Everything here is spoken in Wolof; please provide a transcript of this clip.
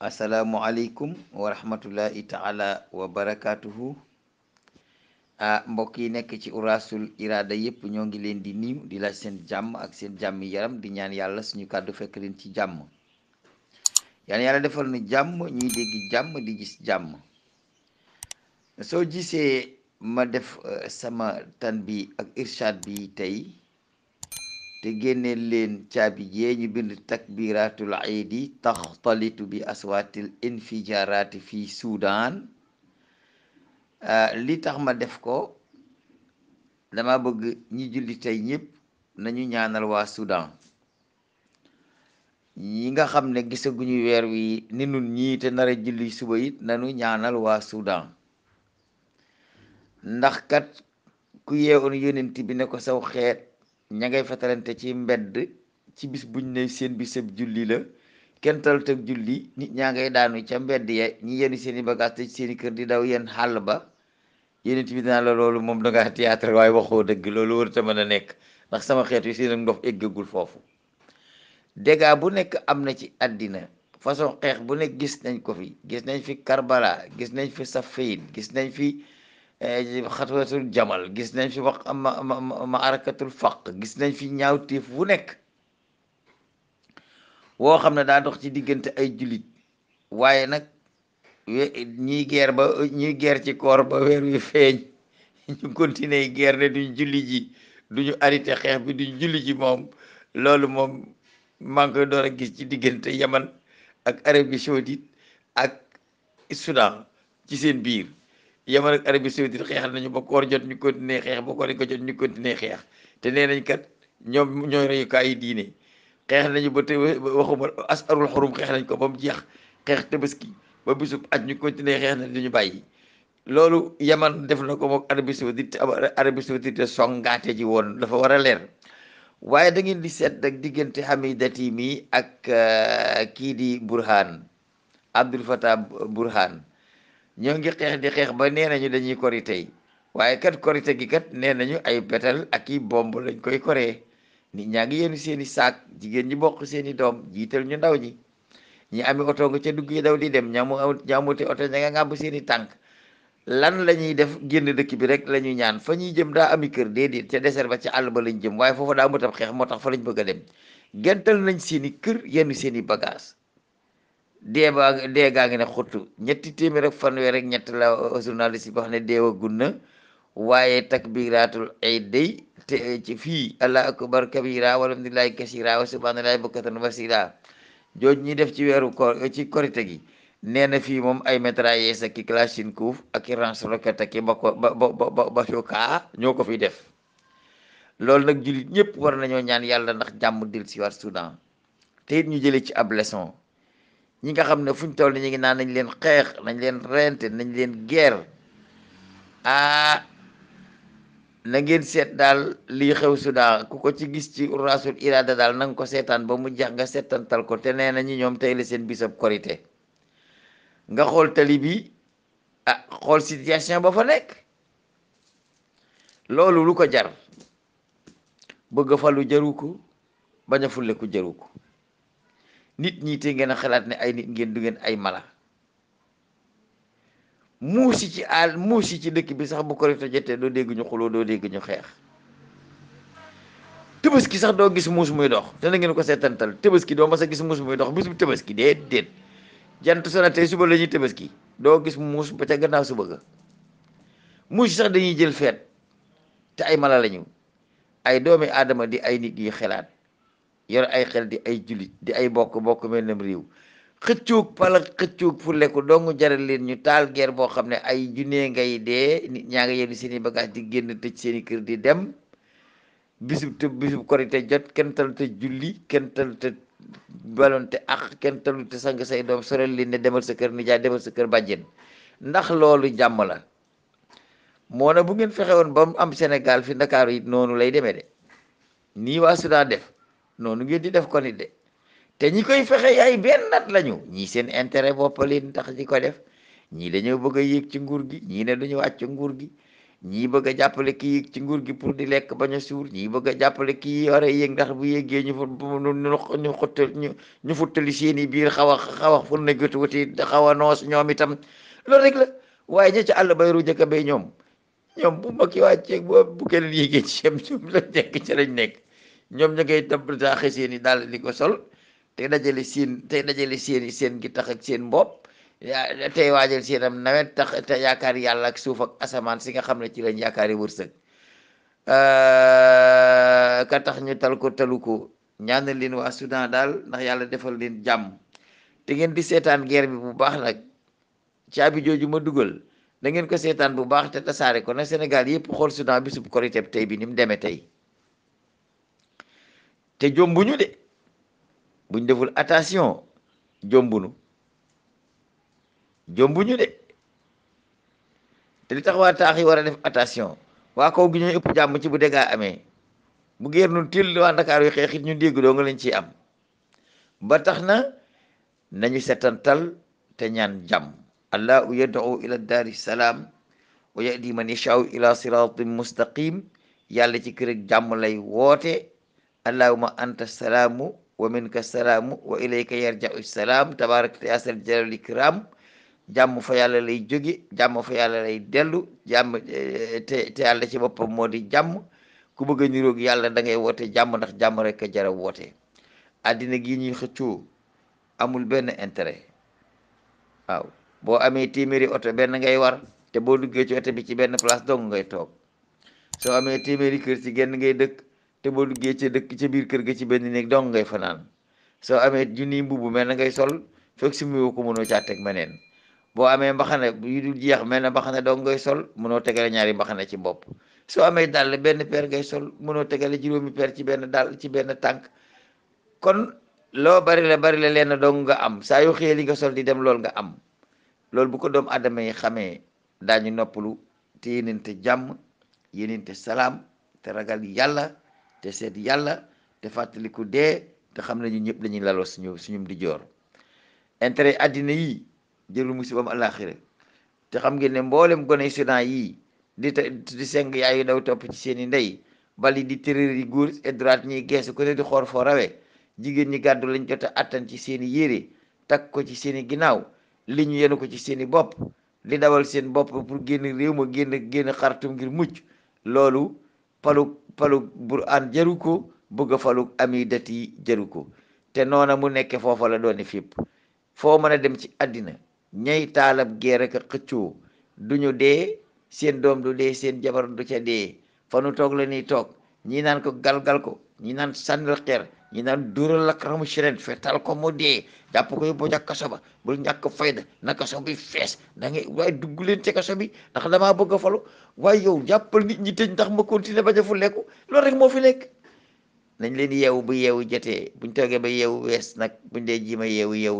asalaamualeykum wa rahmatullahi taala wa barakaatuhu ah mbokk yi nekk ci urasul irada yépp ñoo ngi leen di niiw di laaj seen jàmm ak seen jàmm yaram di ñaan yàlla suñu kàddu fekk leen ci jàmm yaan yàlla defal na jàmm ñuy dégg jàmm di gis jàmm soo gisee ma def eh, sama tan bi ak irshad bi tey te génne leen caabi jee ñu bind takbiratul iidi taxtalitu bi aswatil infijarati fi Soudan ah, li tax ma def ko dama bëgg ñi julli tey ñëpp nañu ñaanal waa Soudan ñi nga xam ne gisaguñu weer wi ni nun ñii te nara julli suba it nañu ñaanal waa Soudan ndax kat ku yeewoon yonent bi ne ko sew xeet ña ngay fetalante ci mbedd ci bis buñ ne seen bisab julli la kenn talut ak julli nit ñaa ngay daanu ca mbedd ya ñi yenu seeni i te seen i kër di daw yenn xàll ba yéen tamit naa la loolu moom dangaa théâtre waaye waxoo dëgg loolu warut mën a nekk ndax sama xeet yi seen ndox eggagul foofu dégâts bu nekk am na ci àddina façon xeex bu nekk gis nañ ko fi gis nañ fi Karbala gis nañ fi saf Safayin gis nañ fi xat xatwatul jamal gis nañ fi wax ma ma arakatul faq gis nañ fi ñaawteef wu nekk woo xam ne daa dox ci diggante ay jullit waaye nag ñi geer ba ñi geer ci koor ba weer wi feeñ ñu continuer geer ne duñ julli ji duñu arrêté xeex bi duñ julli ji moom loolu moom maa ngi koy a gis ci diggante Yaman ak Arabie Saoudite ak Soudan ci seen biir yaman ak Arabie Saoudite nañu ba koor jot ñu continuer xeex ba ko jot ñu continuer xeex te nee nañ kat ñoom ñooy reyukaay yi diine xeex nañu ba te waxuma asarul xurum xeex nañ ko ba mu jeex xeex tabaski ba bisub at ñu continuer xeex na duñu bàyyi loolu yaman def na ko moog Arabie Saoudite Arabie Saoudite songaate ji woon dafa war a leer waaye da ngeen di seet nag diggante Hamidati mii ak eh, kii di Burhan Abdul Fattah Burhan ñoo ngi xeex di xeex ba nee nañu dañuy korite yi waaye kat korite gi kat nee nañu ay petal ak i bomb lañ koy koree nit ñaa ngi yenu seen i saak jigéen ñi bokk seen i doom jiital ñu ndaw ñi ñi ami oto nga ca dugg yi daw di dem ñamu ñamute oto ña nga ngàbb seen tànk lan la ñuy def génn dëkk bi rek la ñuy ñaan fa ñuy jëm daa ami kër déedéet ca desert ba ca àll ba lañ jëm waaye foofa daa mu xeex moo tax fa lañ bëgg a dem gental nañ seen i kër yenn seeni i dee baa dee gaa ngi ne xottu ñetti téeméer ak fanweer rek ñett la journaliste yi wax ne dee gunna waaye takbiraatul ay day te fii allah akbar kabira walhamdulillahi kasira wa subhanallahi bukkatan wasila jooj ñi def ci weeru ci korite gi nee na fii moom ay mitrailleuse ak i kalachnikov ak i lance roquette ak i ba bazooka ñoo ko fi def loolu nag jullit ñëpp war nañoo ñaan yàlla ndax jàmm dil si war Soudan te ñu jëlee ci ab ñi nga xam ne fuñ toll ñu ngi naan nañ leen xeex nañ leen rente nañ leen guerre ah na ngeen seet daal lii xew Soudan ku ko ci gis ci rasul iraada daal nanga ko seetaan ba mu jeex nga seetantal ko te nee nañu ñoom tey la seen bisab korité nga xool tali bi ah xool situation ba fa nekk loolu lu ko jar bëgg falu lu jaru ko bañ a fulle ku ko nit ñii te ngeen a xalaat ne ay nit ngeen du ngeen ay mala muusi ci àll muusi ci dëkk bi sax bu korite jotee doo dégg ñu xuloo doo dégg ñu xeex tëbaski sax doo gis muus muy dox dana ngeen ko seetantal tëbaski doo mas sa gis muus muy dox bis bu tëbaski déet déet jant so na tey suba la ñuy doo gis muus ba ca gannaaw suba ga muus sax dañuy jël feet te ay mala lañu ay doomi aadama di ay nit yi xelaat yor ay xel di ay jullit di ay bokk-bokk mel nam réew xëccuug pala xëccuug fu lekku dongu jaral leen ñu taal guerre boo xam ne ay junee ngay dee nit ñaa ngi yenn seen i bagage di génn tëj seen i kër di dem bisub te bisub korite jot kenn talu te julli kenn talu te balonte kenn talu te sang say doom sorel leen ne demal sa kër nijaay demal sa kër bàjjen ndax loolu jàmm la moo na bu ngeen fexe woon ba mu am senegal fi Ndakaaru it noonu lay demee de nii waa Soudan def noonu ngeen di def ko ni de te ñi koy fexe ay bennat lañu ñii seen intérêt boppaleen tax di ko def ñii dañoo bëgg a yéeg ci nguur gi ñii ne dañu wàcc nguur gi ñii bëgg a jàppale kii yéeg ci nguur gi pour di lekk bañ a suur ñii bëgg a jàppale kii yore ndax bu yéegee ñu fa ñu xottal ñu ñu futtali seen i biir xaw a xaw a fun na gëtu wuti xaw a noos ñoom itam loolu rek la waaye ña ci àll bay njëkk bay ñoom ñoom bu ma ki wàcceeg bu bu keneen yéegee ci yem ci la nekk ci nekk ñoom ña ngay tam saaxe seen i daal di ko sol te dajale seen te dajale seen i seen gi tax ak seen mbopp tey waajal seen am nawet tax te yaakaar yàlla ak suuf ak asamaan si nga xam ne ci lañ yaakaari wërsëg euh, ka tax ñu tal ko talu ko ñaanal leen waa Soudan daal ndax yàlla defal leen jàmm te ngeen di seetaan guerre bi bu baax nag caabi jooju ma dugal da ngeen ko seetaan bu baax te tasaare ko na Sénégal yëpp xool Soudan bisub korité tey bi ni mu demee tey te jombuñu de buñ deful attention jombu ñu de te li tax wa taax yi war a def attention waa ko gi ñu ëpp jàmm ci bu déggaa amee bu géer nun til waa Ndakaar yu xeexit ñu dégg doo nga lañ ciy am ba tax na nañu setantal te ñaan jàmm allahu yad'u ila daari salaam wa yahdi man yashaa'u ila siratin mustaqim yàlla ci kër jàmm lay woote allahuma anta salaamu wa minka salaamu wa ilayka yarja'u salaam tabaarakta yaa zal jalali kiram jàmm fa yàlla lay jóge jàmm fa yàlla lay dellu jàmm eh, te te yàlla ci boppam moo di jàmm ku bëgg a niroog yàlla da ngay woote jàmm ndax jàmm rek a woote addina gi ñuy xëccoo amul benn intérêt waaw boo amee téeméeri oto benn ngay war te boo duggee ci oto bi ci benn place dong ngay toog soo amee téeméeri kër ci genn dëkk te boo duggee ca dëkk ca biir kër gi ci benn néeg dong ngay fanaan soo amee junniy mbubb mel na ngay sol fekk si mu ko mënoo caa teg meneen boo amee mbaxane yu dul jeex mel na mbaxane dong ngay sol mënoo tegale ñaari mbaxane ci bopp soo amee dàll benn peer ngay sol mënoo tegale juróomi peer ci benn dàll ci benn tànk kon loo bari la bari la dong nga am saa yu xëyee li nga sol di dem loolu nga am loolu bu ko doomu aadama yi xamee daañu noppalu te yénente jàmm yénente salaam te ragal yàlla te seet yàlla te fàttaliku dee te xam na ñu ñëpp dañuy laloo suñu suñum di joor intérêt àddina yi jëlul musibam àllaaxira te xam ngeen ne mboolem gone Sudan yi di di seng yi daw topp ci seen i ndey bali di tërër yi góor et ñi ñiy geesu ko ne di xoor foo rawe jigéen ñi gàddu lañ jot a attan ci seen i yére takk ko ci seen i ginnaaw li ñu yenu ko ci seen i bopp di dawal seen bopp pour génn réew ma génn génn xartum ngir mujj loolu palu falug buraan jaru ko bëgg a falug amidati jaru ko te noona mu nekke foofa la doone fépp foo mën a dem ci àddina ñay taalab gee rek a xëccoo duñu dee seen doom du dee seen jabar du ca dee fanu toog la ñuy toog ñi naan ko galgal ko ñi naan sànnil xeer ñi naan duural la karamu sirène fetal ko mu dee jàpp ko yóbbu ca kaso ba bul ñàkk fayda na kaso bi fees da ngay waaye dugg leen ci kaso bi ndax damaa bëgg a falu waaye yow jàppal nit ñi tëj ndax ma continuer ba defu lekku loolu rek moo fi nekk nañ leen yeewu bu jete bu ñu toogee ba yeewu wees nag buñ dee ji ma yeewu yeewu